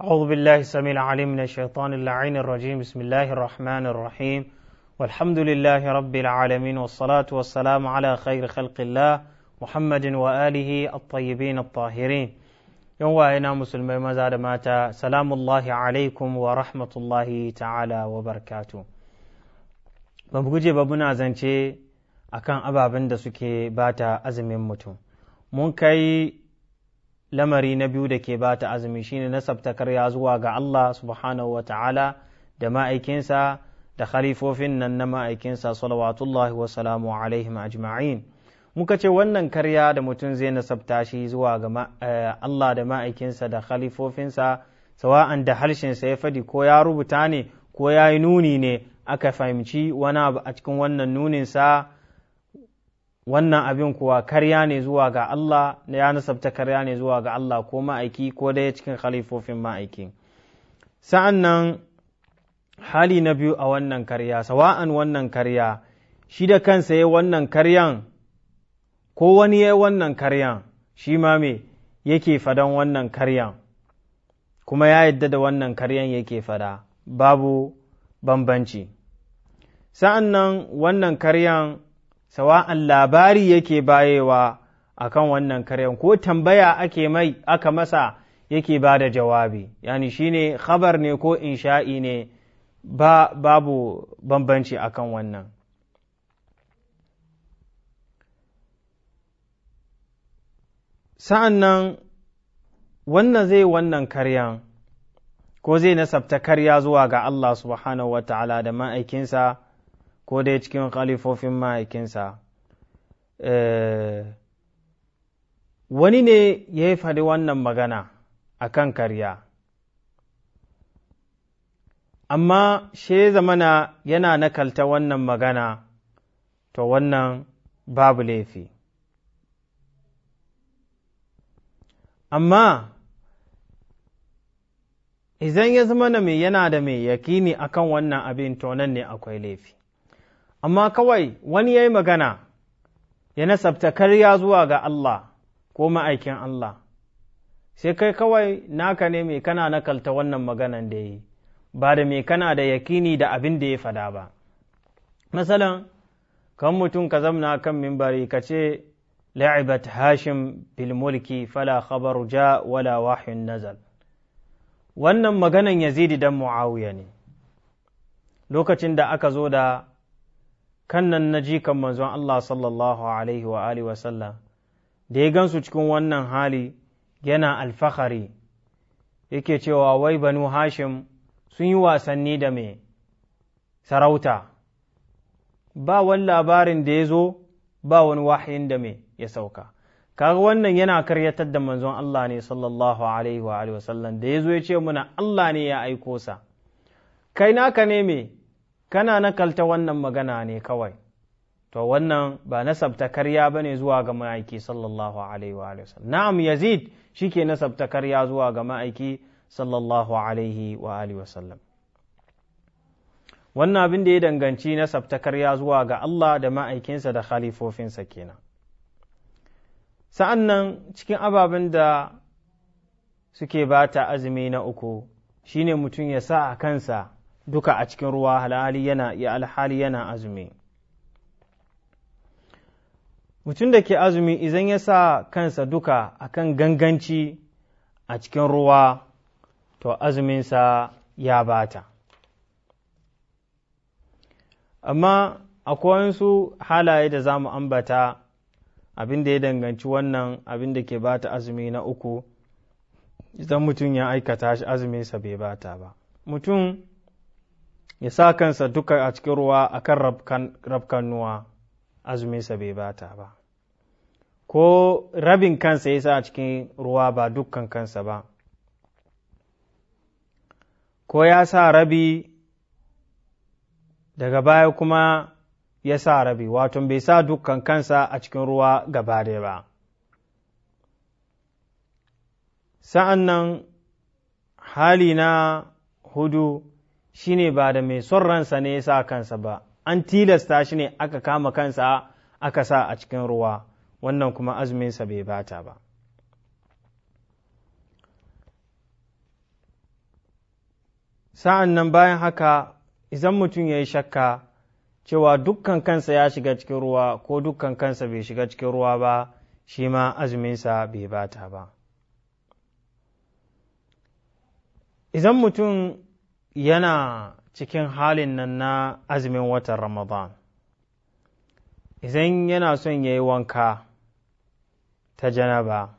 أعوذ بالله السميع العليم من الشيطان اللعين الرجيم بسم الله الرحمن الرحيم والحمد لله رب العالمين والصلاة والسلام على خير خلق الله محمد وآله الطيبين الطاهرين يوم وإنا مسلمي مزاد ماتا سلام الله عليكم ورحمة الله تعالى وبركاته بمجيب أبونا زنشي akan ababen da suke bata azumin mutum mun kai lamari na biyu da ke ba ta azumi shine nasabta karya zuwa ga Allah subhanahu wa ta'ala da ma'aikinsa da khalifofin nan na ma'aikinsa salawatullahi wa salamu alaihim ajma'in muka ce wannan karya da mutum zai na nasabta shi zuwa ga eh, Allah da ma'aikinsa da khalifofinsa sawa'an da harshensa ya fadi ko ya rubuta ne ko ya yi nuni ne aka fahimci wani abu a cikin wannan nuninsa wannan abin kuwa karya ne zuwa ga Allah ya nasabta karya ne zuwa ga Allah ko ma'aiki ko dai cikin khalifofin ma'aiki sa'an nan hali na biyu a wannan karya sawa'an wannan karya shi da kansa ya wannan karyan ko wani ya wannan karyan shi ma me yake fadan wannan karyan kuma ya yadda da wannan karyan yake fada babu bambanci sa'an nan wannan karyan sawa'an labari yake bayewa a kan wannan karyan ko tambaya ake mai aka masa yake ba da jawabi yani ne, khabar ne ko insha'i ne ba babu bambanci akan wannan sa'an nan wannan zai wannan karyan ko zai nasabta karya zuwa ga Allah subhanahu wa ta'ala da ma'aikinsa ko dai cikin khalifofin ma'aikinsa eh, wani ne ya yi faɗi wannan magana a kan karya amma she zamana yana nakalta wannan magana to wannan babu laifi amma idan ya zama na mai yana da mai yakini akan wannan abin to nan ne akwai laifi amma kawai wani ya yi magana ya nasabta karya zuwa ga Allah ko ma'aikin Allah, sai kai kawai naka ne mai kana nakalta wannan maganan da yi, ba da mai kana da yakini da abin da ya fada ba. Masalan, kan mutum ka zamna kan mimbari ka ce, la'ibat hashim bil mulki fala khabar ja wala wahyun nazal. Wannan maganan Yazidi dan Mu'awiya ne, lokacin da aka zo da kan nan na jikan manzon Allah sallallahu alaihi wa alihi sallam da ya gansu cikin wannan hali yana alfahari yake cewa wai banu hashim sun yi wasanni da mai sarauta ba wani labarin da ya zo ba wani wahayin da mai ya sauka kaga wannan yana karyatar da manzon Allah ne sallallahu alaihi wa sallam da ya zo ya ce muna Allah ne ya aiko sa kai naka ne mai kana nakalta wannan magana ne kawai to wannan ba nasabta karya ba ne zuwa ga ma'aiki sallallahu alaihi wa sallam na'am yazid shike ke nasabta karya zuwa ga ma'aiki sallallahu alaihi wa sallam wannan abin da ya danganci nasabta karya zuwa ga Allah da ma'aikinsa da khalifofinsa kenan Sa'annan cikin ababen da suke bata azumi na uku shine mutum ya sa a kansa duka a cikin ruwa alhali yana ya alhali yana azumi mutum da ke azumi idan ya sa kansa duka akan ganganci a cikin ruwa to azuminsa ya bata amma akwai su halaye da za mu ambata abin da ya danganci wannan abin da ke bata azumi na uku idan mutum ya aikata shi azuminsa bai bata ba mutum ya sa kansa duka a cikin ruwa a kan azuminsa bai bata ba ko rabin kansa ya sa a cikin ruwa ba dukkan kansa ba ko ya sa rabi daga baya kuma ya sa rabi wato bai sa dukkan kansa a cikin ruwa gaba da ba sa'an nan hali na hudu shi ne ba da mai son ransa ne ya sa kansa ba an tilasta shi ne aka kama kansa aka sa a cikin ruwa wannan kuma azuminsa bai bata ba sa'an nan bayan haka idan mutum ya yi shakka cewa dukkan kansa ya shiga cikin ruwa ko dukkan kansa bai shiga cikin ruwa ba shi ma azuminsa bai bata ba idan mutum yana cikin halin nan na azumin watan Ramadan, idan yana son ya yi wanka ta janaba,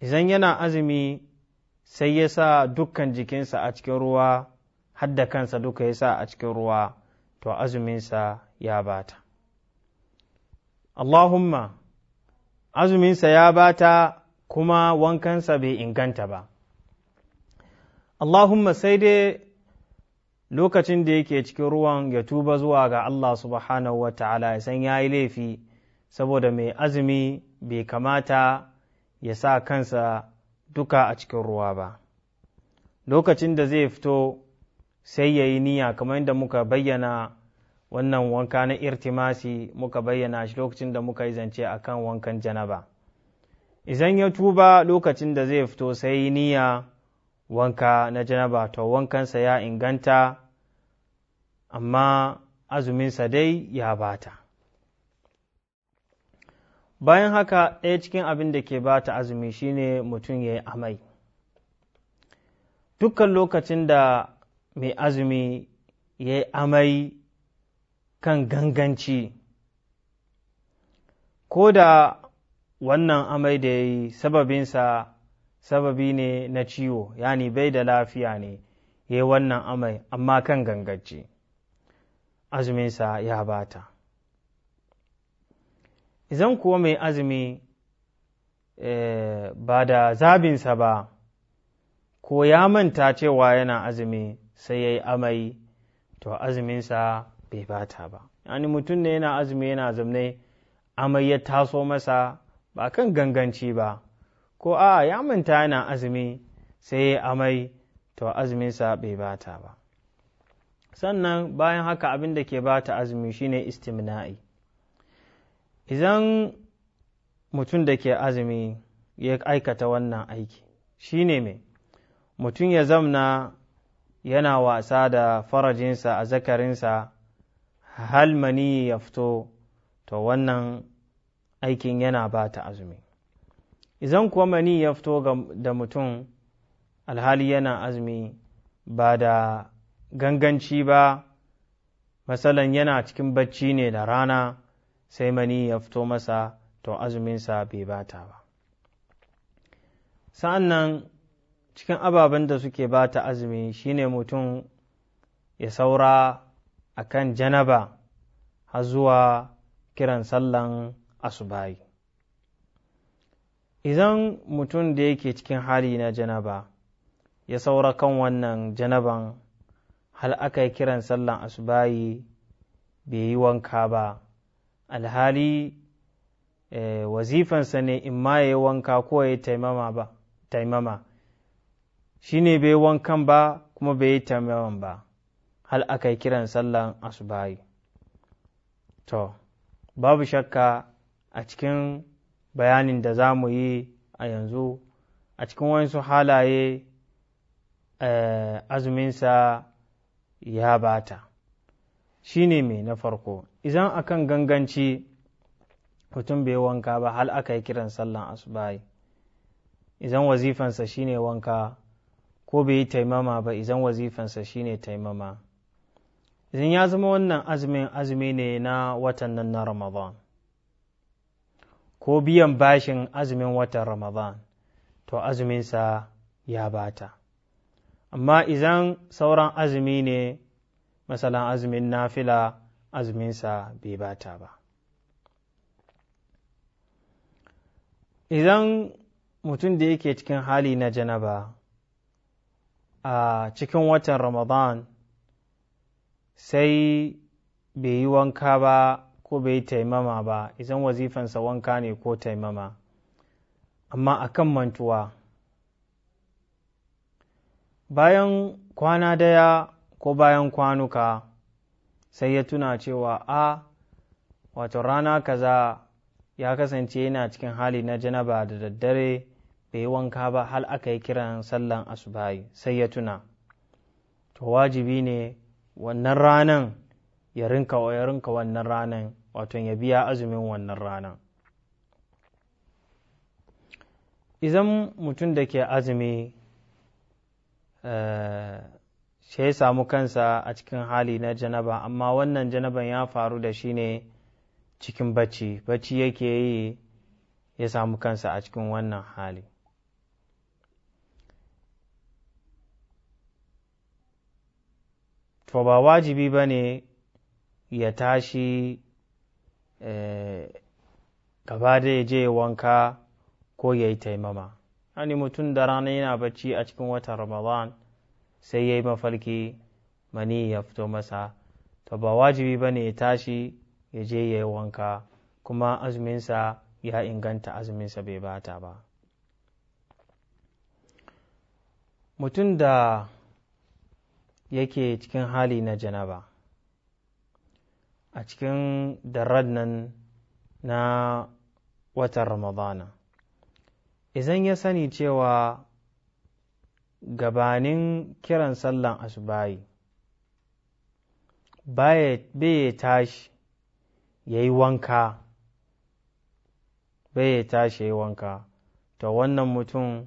idan yana azumi sai ya sa dukkan jikinsa a cikin ruwa, hadda kansa duka ya sa a cikin ruwa, to azuminsa ya bata. Allahumma, azuminsa ya bata kuma wankansa bai inganta ba. Allahumma sai dai lokacin da yake cikin ruwan ya tuba zuwa ga Allah subhanahu wa ta'ala ya san ya yi laifi saboda mai azumi bai kamata ya sa kansa duka a cikin ruwa ba. Lokacin da zai fito sai ya yi niyya kamar yadda muka bayyana wannan wanka na irtimasi muka bayyana shi lokacin da muka yi zance a kan wankan janaba. Izan ya tuba lokacin da zai fito sai yi niyya wanka na janaba to wankansa ya inganta amma azuminsa dai ya bata bayan haka ɗaya cikin abin da ke bata azumi shine mutum ya yi amai dukkan lokacin da mai azumi ya yi amai kan ganganci ko da wannan amai da ya yi sababinsa sababi ne na ciwo yani bai da lafiya ne ya yi wannan amai amma kan gangace azuminsa ya bata idan kuwa mai azumi eh, ba da zabinsa ba ko ya manta cewa yana azumi sai ya yi amai to azuminsa bai bata ba yani mutum ne yana azumi yana zamne amai ya taso masa ba kan ganganci ba ko a ya manta yana azumi sai ya amai to azuminsa bai bata ba sannan bayan haka abin da ke bata azumi shine istimna'i idan mutum da ke azumi ya aikata wannan aiki shine mai mutum ya zamna yana wasa da farajinsa a zakarinsa halmani ya fito to wannan aikin yana bata azumi Izan kuwa mani ya fito da mutum alhali yana azumi ba da ganganci ba masalan yana cikin bacci ne da rana sai mani ya fito masa to azuminsa bai bata ba sa'an nan cikin ababen da suke bata azumi shine mutum ya saura akan janaba har zuwa kiran sallan asubayi. idan mutum da yake cikin hali na janaba ya saura kan wannan janaban hal aka yi kiran sallan asubayi bai yi wanka ba alhali eh, wazifansa ne in ma ya yi wanka ko ya yi taimama shi ne bai wankan ba kuma bai yi taimaman ba hal aka yi kiran sallan asubayi to babu shakka a cikin bayanin da za mu yi a yanzu a cikin wasu halaye eh, azuminsa ya bata shi ne mai na farko idan akan ganganci mutum bai wanka ba hal aka yi kiran sallan asubahi idan wazifansa shine wanka ko bai yi taimama ba idan wazifansa shine taimama idan ya zama wannan azumin azumi ne na watan nan na ramadan ko biyan bashin azumin watan Ramadan, to azuminsa ya bata. Amma izan sauran azumi ne, masalan azumin nafila azuminsa bai bata ba. izan mutum da yake cikin hali na janaba a cikin watan Ramadan sai bai yi wanka ba ko bai yi taimama ba idan wazifansa wanka ne ko taimama amma akan mantuwa bayan kwana daya ko bayan kwanuka sai ya tuna cewa a wato rana kaza ya kasance yana cikin hali na janaba da daddare bai wanka ba hal aka yi kiran sallan asubahi sai ya tuna to wajibi ne wannan ranan ya rinka wannan ranan waton ya biya azumin wannan rana idan mutum da ke azumi eh, shi ya samu kansa a cikin hali na janaba amma wannan janaban ya faru da shi ne cikin bacci bacci yake yi ya samu kansa a cikin wannan hali to ba wajibi ba ne ya tashi Eh, gaba da ya je wanka ko ya yi taimama ani mutum da rana yana bacci a cikin watan ramadan sai ya yi mafarki mani ya fito masa to ba wajibi ba ne ya tashi ya je ya yi wanka kuma azuminsa ya inganta azuminsa bai bata ba mutum da yake cikin hali na janaba a cikin darad nan na watan ramadana idan ya sani cewa gabanin kiran sallan asubayi bai tashi ya yi wanka bai tashi ya yi wanka to wannan mutum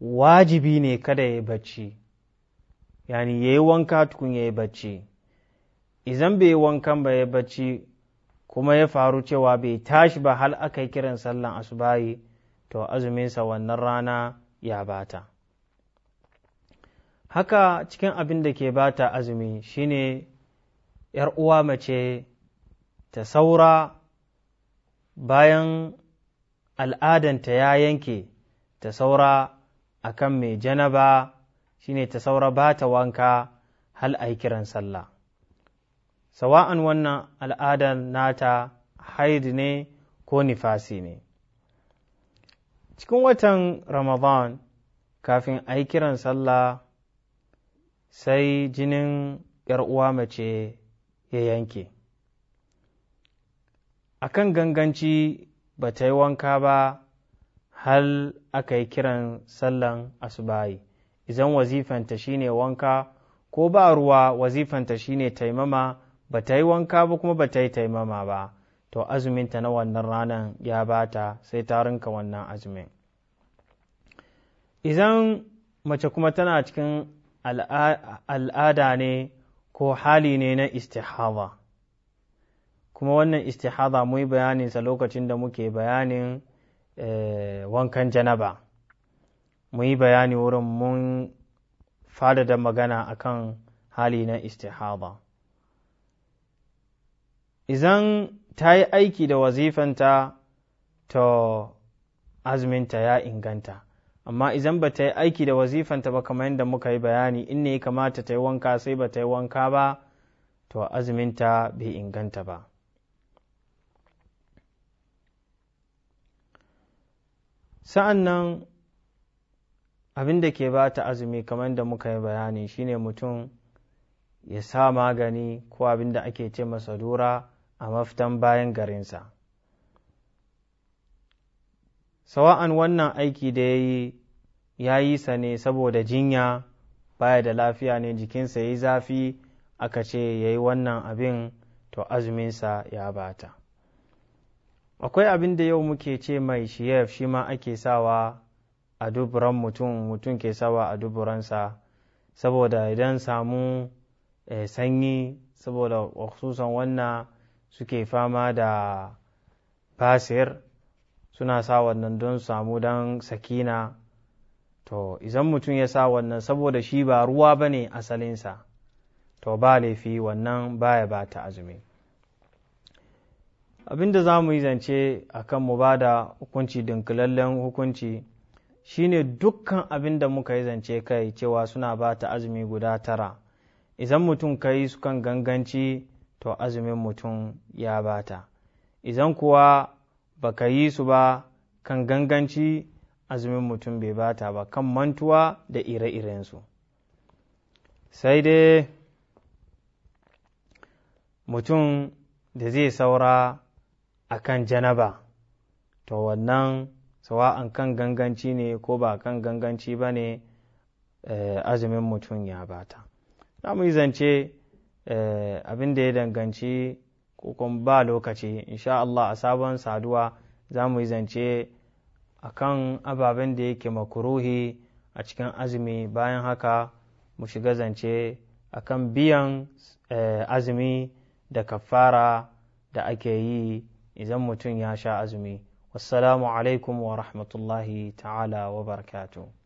wajibi ne kada ya yi bacci yani ya yi wanka tukun ya yi bacci izan bai wankan ba ya bacci kuma ya faru cewa bai tashi ba hal aka yi kiran sallan asubahi to azuminsa wannan rana ya bata haka cikin abin da ke bata azumi shine ‘yar uwa mace ta saura bayan al'adanta ya yanke ta saura a kan mai janaba shine ta saura bata wanka hal a kiran sallah sawa'an wannan al'adar nata haidi ne ko nifasi ne cikin watan ramadan kafin a kiran sallah sai jinin uwa mace ya yanke a kan ganganci ba ta yi wanka ba hal aka yi kiran sallan asubahi izan wazifanta shine wanka ko ba ruwa wazifanta shine taimama ba ta yi wanka ba kuma ba ta yi taimama ba to azuminta na wannan ranan ya bata sai ta rinka wannan azumin idan mace kuma tana cikin al'ada ne ko hali ne na istihada kuma wannan istihada mu yi bayaninsa lokacin da muke bayanin eh, wankan janaba mu yi bayani wurin mun fada da magana akan hali na istihada Izan ta yi aiki da wazifanta to azuminta ya inganta amma izan ba ta yi aiki da wazifanta ba kamar yadda muka yi bayani in ne kamata ta yi wanka sai ba ta yi wanka ba to azuminta bai inganta ba sa'an nan abin da ke ba ta azumi kamar yadda muka yi bayani shine mutum ya sa magani ko abin da ake ce masa lura a maftan bayan garinsa sawa'an wannan aiki da ya yi ya yi sa ne saboda jinya baya da lafiya ne jikinsa ya yi zafi aka ce ya yi wannan abin to azuminsa ya bata akwai abin da yau muke ce mai shiyef shi ma ake sawa a duburan mutum mutum ke sawa a duburansa saboda idan samu eh, sanyi saboda wasu wannan suke fama da basir suna sa wannan don samu don sakina to idan mutum ya sa wannan saboda shi ba ruwa ba ne asalinsa to ba laifi wannan baya ba ta azumi abinda za mu yi zance a kan mu ba da hukunci dinkilallen hukunci shine dukkan abin da muka yi zance kai cewa suna ba ta azumi guda tara idan mutum ka yi sukan ganganci to azumin mutum ya bata idan kuwa baka yi su ba kan ganganci azumin mutum bai bata ba kan mantuwa da ire-irensu sai dai mutum da zai saura a kan janaba to wannan an kan ganganci ne ko ba kan ganganci ba ne eh, azumin mutum ya bata za mu yi zance Eh, abin da ya danganci ko ba lokaci insha Allah a sabon saduwa za mu yi zance a kan ababen da yake makuruhi a cikin azumi bayan haka mu shiga zance a kan biyan eh, azumi da kafara da ake yi idan mutum ya sha azumi wassalamu alaikum wa rahmatullahi ta'ala wa barakatuh